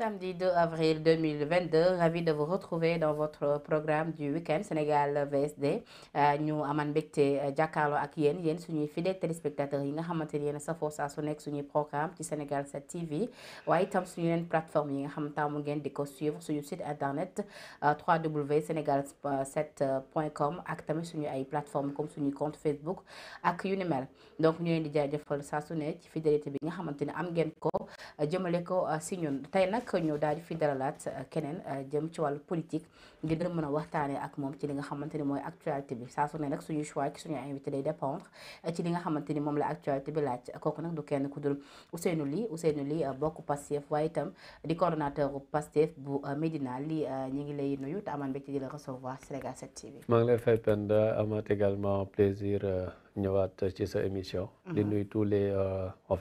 Samedi 2 avril 2022 ravi de vous retrouver dans votre programme du week Sénégal VSD euh, ñu aman mbégte euh, jàkkaarloo ak yéen yéen suñuy fidèles téléspectateurs yi nga xamante ni yéen safoo saa su nekk suñuy programme ci Sénégal TV waaye itam suñu leen yi nga xam taamu ngeen di ko suivre suñu site internet euh, www.senegal7.com ak tamit suñu ay plateforme comme suñu compte Facebook ak yu ni mel donc ñu leen di jaajëfal saa su ne ci fidélité bi nga xamante ni am ngeen ko rek ñëw daal di fi dalalaat euh, keneen euh, jëm ci wàllu politique ngir dina mën a waxtaanee ak moom ci li nga xamante mooy actualité bi saa su ne nag suñu euh, choix suñu la actualité bi laaj kooku nag du kenn ku dul Ousseynou Ly Ousseynou Ly bokk Pastef waaye itam di coordonnateur Pastef bu Médina li ñu ngi lay nuyu te amaan mbégte di la recevoir Sénégal 7 TV. maa ngi lay Penda amaat également plaisir ñëwaat ci sa émission. Mm-hmm. di nuyu tous les en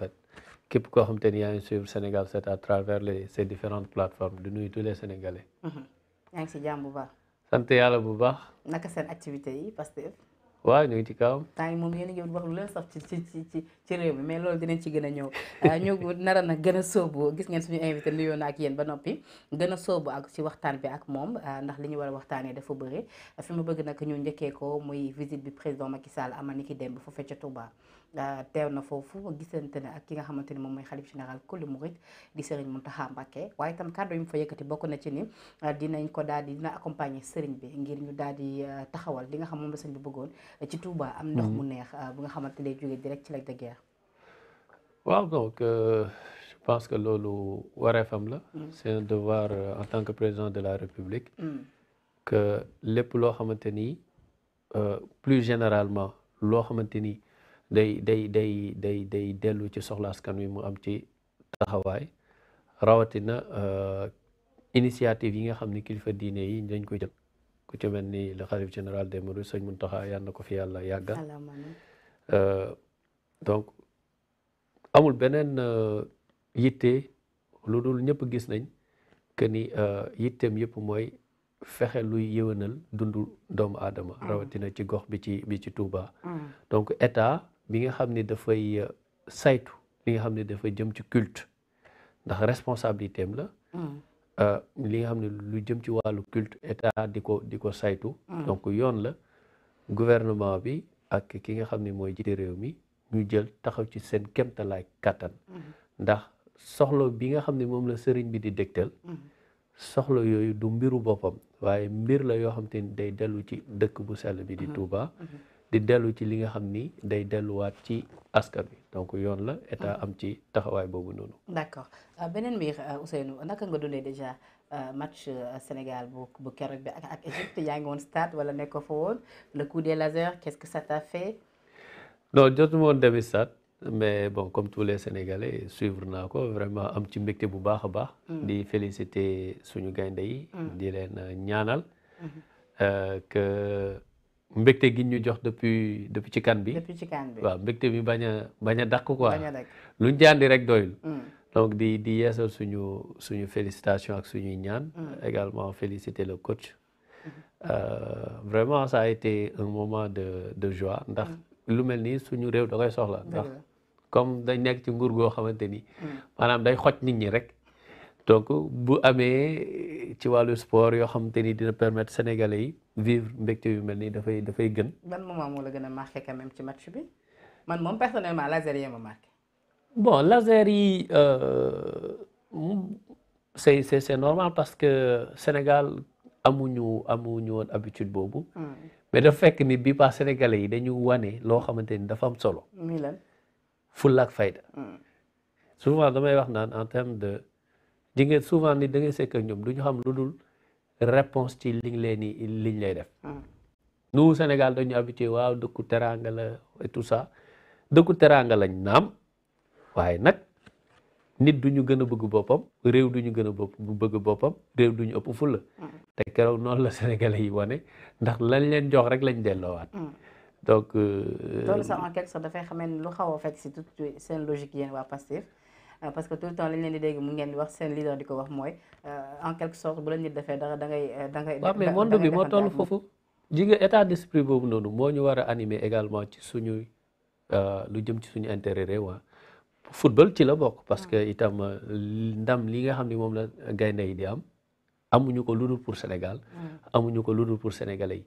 képp koo xam te ni yaa ngi suivre Sénégal 7 à travers les ces différentes plateformes di nuyu tous les mm-hmm. si jàmm bu baax. sant yàlla bu baax. naka seen activité yi Pastef waaw ñu ngi ci kawam. moom yéen a ngi wax lu leen sax ci ci ci ci réew mi mais loolu dinañ ci gën a ñëw euh, ñu nara nag gën a sóobu gis ngeen suñu invité nuyoo na ak yéen ba noppi gën a sóobu ak ci waxtaan bi ak moom euh, ndax li ñu war a waxtaanee dafa bëri fi ma bëgg nag ñu njëkkee ko muy visite bi président Macky Sall amal ni ki démb foofee ca Touba euh, teew na foofu gisante ne ak ki nga xamante ni moom mooy xalif général kulli murit di Serigne Mountakha Mbacké waaye itam kàddu yi mu fa yëkkati bokk na ci ni dinañ ko daal dina accompagner Serigne bi ngir ñu daal di taxawal li nga xam moom la Serigne bëggoon ci Touba am ndox mm-hmm. mu neex euh, bu nga xamante ne jógee direct ci Lac de waaw donc euh, je pense que loolu wareefam la. Mm. c'est un devoir euh, en tant que président de la République. Mm. que lépp loo xamante ni euh, plus généralement loo xamante ni day day day day day dellu ci soxla askan wi mu am ci taxawaay rawatina euh, initiative yi nga xam ni kilifa diine yi dañ koy jël. ku ci mel ni le xalif général des Mourides sëñ Muntaxa yal na ko fi yàlla yàggal euh, donc amul beneen euh, yitte lu dul ñëpp gis nañ que ni euh, yitteem yëpp mooy fexe luy yëwénal dundu doomu aadama mm. rawatina ci gox bi ci bi ci Touba mm. donc état bi nga xam ni dafay saytu li nga xam ne dafa jëm ci culte ndax responsabilité la mm. Euh, li nga xam ne lu jëm ci wàllu culte état di ko di ko saytu mm. donc yoon la gouvernement bi ak ki nga xam ne mooy jiite réew mi ñu jël taxaw ci seen kéemtalaay kàttan mm-hmm. ndax soxla bi nga xam ne moom la sëriñ bi di dégtal mm-hmm. soxla yooyu du mbiru boppam waaye mbir la yoo xam te day dellu ci dëkk bu sell bi di mhm. Touba. Mhm. di dellu ci li nga xam ni day delluwaat ci askan bi donc yoon la état mhm. am ci taxawaay boobu noonu. d'accord euh, beneen mbir euh, Ousseynou naka nga dundee déjà euh, match Sénégal bu keroog bi ak ak Égypte yaa ngi woon stade wala nekkoo fa woon le coup des lasers qu'est-ce que ça t'a fait. non jotuma woon dem stade mais bon comme tous les sénégalais suivre naa ko vraiment am ci mbégte bu baax a baax. Mm. di féliciter suñu gaynde yi. Mm. di leen euh, ñaanal. Mm-hmm. Euh, que mbégte gi ñu jox depuis depuis ci kan bi. depuis bi waaw mbégte bi bañ a bañ a dàq quoi. bañ a dàq rek doyul. Mm. donc di di yeesal suñu suñu félicitation ak suñuy ñaan. également féliciter le coach. Mm-hmm. Euh, vraiment ça été un moment de de joie ndax lu mel ni suñu réew da soxla comme dañ nekk ci nguur goo xamante ni. Hmm. maanaam day xoj nit ñi rek. donc bu amee ci wàllu sport yoo xamante ni dina permettre sénégalais yi vivre mbégte yu mel nii dafay dafay gën. ban moment moo la gën a marqué quand même ci match bi man moom personnellement laser yi ma marqué. bon laser yi euh, c'est c'est c'est parce que Sénégal amuñu amuñu woon habitude boobu. Hmm. mais dafa fekk nit bi pas sénégalais yi dañu wane loo xamante ni dafa am solo. fulla ak fayda. souvent damay wax naan en terme de di ngeen souvent nit da ngay sekk ñoom du ñu xam lu dul réponse ci liñ leen liñ lay def. nous Sénégal dañu habitué waaw dëkku teraanga la et tout ça dëkku teraanga lañ naam waaye nag nit du ñu gën a bëgg boppam réew du ñu gën a bëgg boppam réew du ñu ëpp fulla mm. te keroog noonu la sénégalais yi wane ndax lañ leen jox rek lañ delloowaat. Mm. donc. Euh, loolu sax en quelque sorte dafay xamee ne lu xaw a fekk si tout seen logique yéen waa Pastef euh, parce que tout le temps li ñu leen di dégg mu ngeen di wax seen leader di ko wax mooy euh, en quelque sorte bu la nit defee dara da ngay da ngay. waaw foofu. ji nga état d'esprit boobu noonu moo ñu war a animer également ci suñu lu jëm ci suñu intérêt réew ah. football ci la bokk. parce que hmm. itam ndam li nga xam ni moom la gaynde yi di am amuñu ko lu ludul pour Sénégal. Hmm. amuñu ko ludul pour sénégalais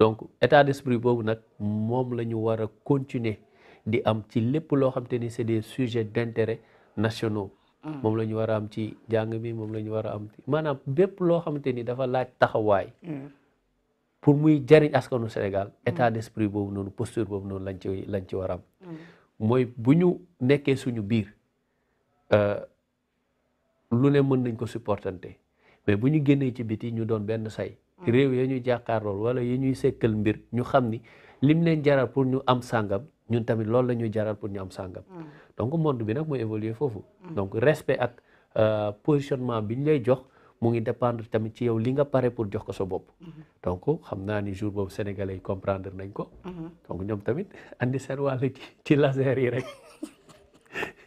donc état d'esprit boobu nag moom la ñu war a continuer di am ci lépp loo xam te ni c'est des sujet d'intérêt nationaux mm. moom la ñu war a am ci jàng bi moom la ñu war a am maanaam bépp loo xam te ni dafa laaj taxawaay mm. pour muy jariñ askanu Sénégal mm. état d'esprit boobu noonu posture boobu noonu lañ ci lañ ci war am mooy bu ñu nekkee suñu biir euh, lu ne mën nañ ko supportante mais bu ñu génnee ci biti ñu doon benn say Mm. réew ya ñu jàkkaarlool wala yi ñu sekkal mbir ñu xam ni lim leen jaral pour ñu am sàngam ñun tamit lool la ñuy jaral pour ñu am sàngam. Mm. donc monde bi nag mooy évoluer foofu. Mm. donc respect ak euh, positionnement bi ñu lay jox mu ngi dépendre tamit ci yow li nga pare pour jox ko sa bopp. Mm-hmm. donc xam naa ni jour boobu sénégalais yi comprendre nañ ko. Mm-hmm. donc ñoom tamit andi seen wàll ci laser yi rek.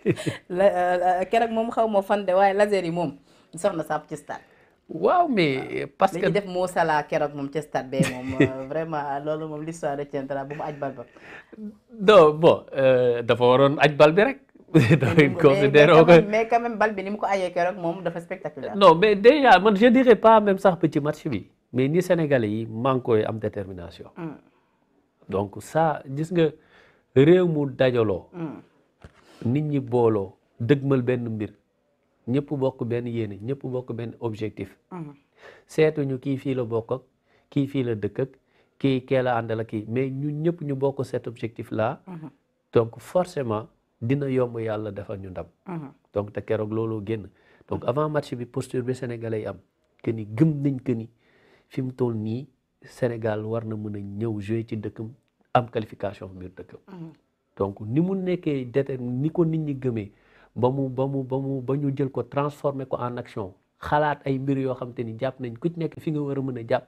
Euh, euh, keroog moom xaw ma fan de yi moom soxna sàpp ci waaw mais parce que def moo sala keroog moom ca euh, vraiment loolu moom l'histoire retiendra bu mu aj bal ba non bon euh, dafa waroon aj bal bi rek mais quand même bi ni mu ko ayee keroog moom dafa spectaculaire non mais déjà man je dirais pas même sax petit match bi mais ni Sénégalais yi manqué am détermination mm. donc sa gis nga réew mu dajaloo mm. nit ñi booloo dëgmal benn mbir ñëpp bokk benn yéene ñëpp bokk benn objectif. Mhm. seetuñu kii fii la bokk ak kii fii la dëkk ak kii kee la àndal kii mais ñu ñëpp ñu bokk cet objectif là. Mhm. donc forcément dina yomb yàlla defal ñu ndam. Mhm. donc te keroog looloo génn donc avant match bi posture bi am que ni gëm nañ que ni fi mu toll nii Sénégal war na mën a ñëw jouer ci dëkk am qualification biir dëkkam. donc ni mu nekkee déter ni ko nit ñi gëmee. ba mu ba mu ba mu ba ñu jël ko transformer ko en action xalaat ay mbir yoo xam te ni jàpp nañ ku ci nekk fi nga war a mën a jàpp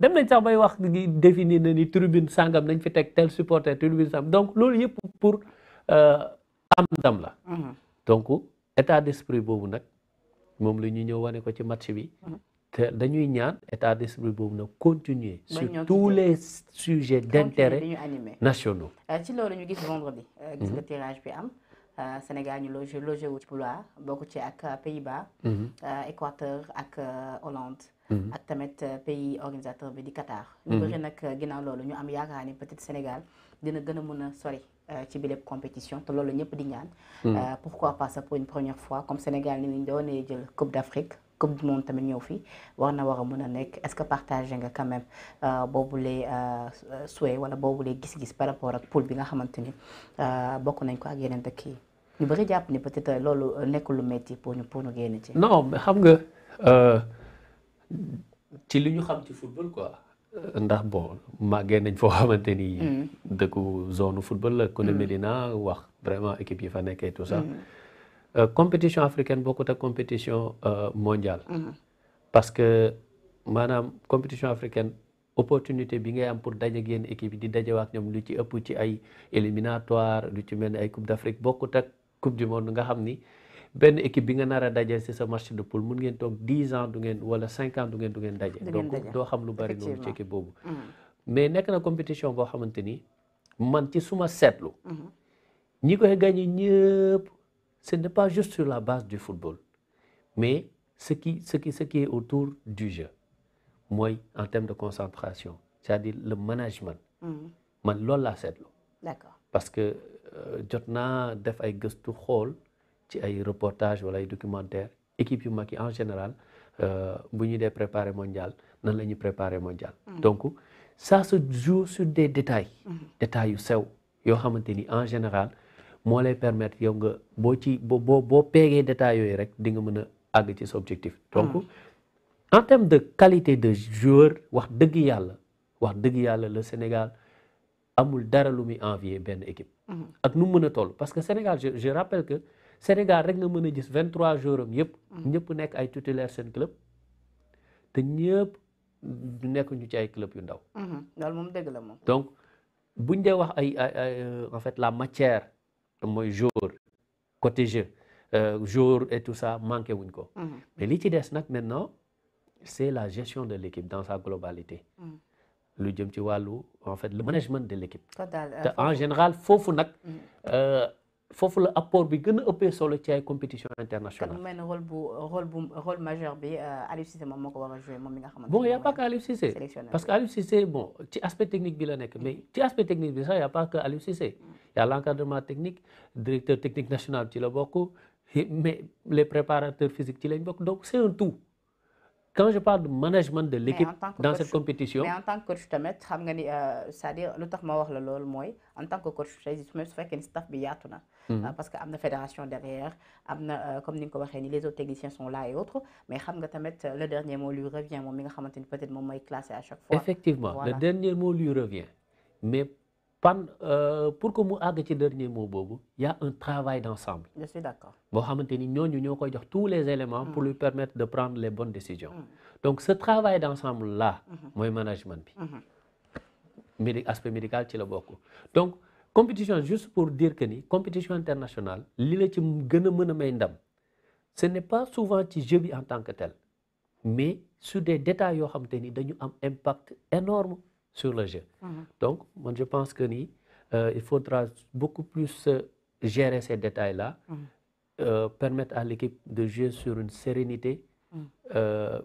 dem nañ sax bay wax gi définir na ni tribune sàngam nañ fi teg tel supporter tribune sangam donc loolu yëpp pour euh, am dam la mhm. donc état d'esprit boobu nag moom la ñu ñëw wane ko ci match bi mhm. dañuy ñaan état d'esprit boobu nag continuer sur tous les sujets d'intérêt nationaux euh, ci loolu ñu gis vendredi euh, mhm. am Euh, Sénégal ñu logé logé wu ci Pouloir ci ak euh, Pays-Bas. Mhm. Euh, Équateur ak Hollande. Mhm. ak tamit pays organisateur bi di Qatar. ñu mhm. bëri nag ginnaaw loolu ñu am yaakaar ni peut-être Sénégal dina gën a mën a sori ci bi lépp compétition te loolu ñëpp di ñaan. pourquoi pas ça pour une première fois comme Sénégal ni mu doonee jël Coupe d'Afrique. coupe du monde tamit ñëw fii war na war a mën a nekk est-ce que partagé nga quand même boobulee souhait wala boobu boobulee gis-gis par rapport ak poule bi nga xamante ni bokk nañ ko ak yeneen dëkk yi ñu bëri jàpp ni peut-être loolu nekkul lu métti pour ñu pour ñu génn ci. non xam nga euh, ci li ñu xam ci football quoi. Euh, ndax bon màggee nañ foo xamante ni. Mm. dëkku zone football la. ku ne Medina mm. wax vraiment équipe yi fa nekkee tout ça. Mm. Euh, compétition africaine bokkut ak compétition mondial parce que maanaam compétition africaine. opportunité bi ngay am pour daje ak yenn équipe yi di dajewaak ñoom lu ci ëpp ci ay éliminatoire lu ci mel ni ay Coupe d'Afrique bokkut ak coupe du monde nga xam ni benn équipe bi nga nar a daje si sa match de poule mun ngeen toog dix ans du ngeen wala cinq ans du ngeen du ngeen daje doo xam lu bari noonu ci boobu mm-hmm. mais nekk na compétition boo xamante ni man ci suma seetlu mm-hmm. ñi koy gagné ñëpp ce n'est pas juste sur la base du football mais ce qui ce qui ce qui est autour du jeu mooy en termes de concentration c'est-à-dire le management mm-hmm. man loolu laa seetlu parce que Euh, jot naa def ay gëstu xool ci ay reportage wala ay documentaire équipe yu mag yi en général euh, bu ñu dee préparer mondial nan la ñuy préparer mondial mm-hmm. donc ça se joue sur des détails mm-hmm. détails yu sew yoo xamante ni en général moo lay permettre yow nga boo ci boo boo boo peegee détails yooyu rek di nga mën a àgg ci sa objectif donc mm-hmm. en termes de qualité de joueur wax dëgg yàlla wax dëgg yàlla le Sénégal amul dara lu muy envier benn équipe Mhm. ak nu mu mën a toll parce que Sénégal je je que Sénégal rek nga mën a gis 23 joueurs yëpp. Mhm. ñëpp nekk ay titulaire seen club te ñëpp du nekk ñu ci ay club yu ndaw. Mhm. loolu moom dëgg la moom. donc buñ dee wax ay ay en fait la matière mooy joueur côté jeu euh, joueur et tout ça manqué wuñ ko. mais li ci des nag maintenant c'est la gestion de l'équipe dans sa globalité. lu jëm ci wàllu en fait le management de l' euh, en général foofu nag. Mm. Euh, foofu la apport bi gën a ëppee solo ci ay compétition internationale. kon mel ne bu rôle bu rôle majeur bi euh, Aliou a joué moom mi nga ne bon y' a pas que Aliou Cissé parce que Aliou Cissé ci aspect technique bi la nekk mais ci aspect technique bi sax y' a pas que Aliou Cissé. y' a l' technique directeur technique national ci la bokk mais les préparateurs physiques ci lañ bokk donc c' est un tout. quand je parle de management de l'équipe dans cette compétition mais en tant que coach tamit xam nga ni euh, c'est-à-dire lu tax ma wax la loolu mooy en tant que coach tey même su fekkee ni staff bi yaatu na. Mhm. Euh, parce que am na fédération derrière am na euh, comme ni nga ko waxee ni les autres techniciens sont là et autres mais xam nga tamit le dernier mot lui revient moom mi nga xamante ni peut-être moom mooy classé à chaque fois. effectivement le dernier mot lui revient mais. pan euh, pour que mu àgg ci dernier mot boobu y' a un travail d' ensemble. je suis d' boo xamante ni ñooñu ñoo koy jox tous les éléments. pour mm. lui permettre de prendre les bonnes décisions. Mm. donc ce travail d' ensemble là. Mm-hmm. mooy management bi. Mm-hmm. médi aspect médical ci la bokk donc compétition juste pour dire que ni compétition internationale li la ci gën a mën a may ndam ce n' pas souvent ci jeu en tant que tel mais sur des détails yoo xamante ni dañu am impact énorme sur le jeu. Mm -hmm. Donc, moi, je pense que ni, euh, il faudra beaucoup plus gérer ces détails-là, mm -hmm. euh, permettre à l'équipe de jouer sur une sérénité, euh,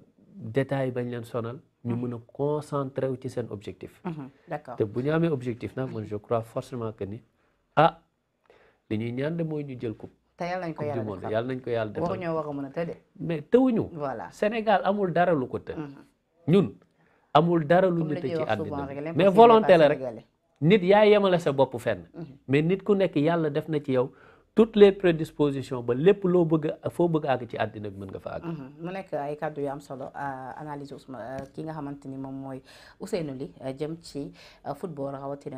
détail bañ leen sonal. ñu mën a concentrer wu ci seen objectif. d'accord te bu ñu amee objectif na man je crois forcément que ni a ah, li ñuy ñaan de mooy ñu jël coupe. te yàlla nañ ko yàlla defal yàlla nañ ko yàlla defal waruñoo war a mën a mais tëwuñu. voilà Sénégal amul dara lu ko të. ñun. amul dara lu ñu tëj ci àddina mais volonté la rek nit yaa yemale sa bopp fenn mhm. mais nit ku nekk yàlla def na ci yow toutes les prédispositions ba lépp loo bëgg foo bëgg àgg ci addina bi mën nga fa àgg mhm. mu nekk ay kàddu yu am solo euh, analyse Ousmane euh, ki nga xamante ni moom mooy Ousseynou li euh, jëm ci football rawatina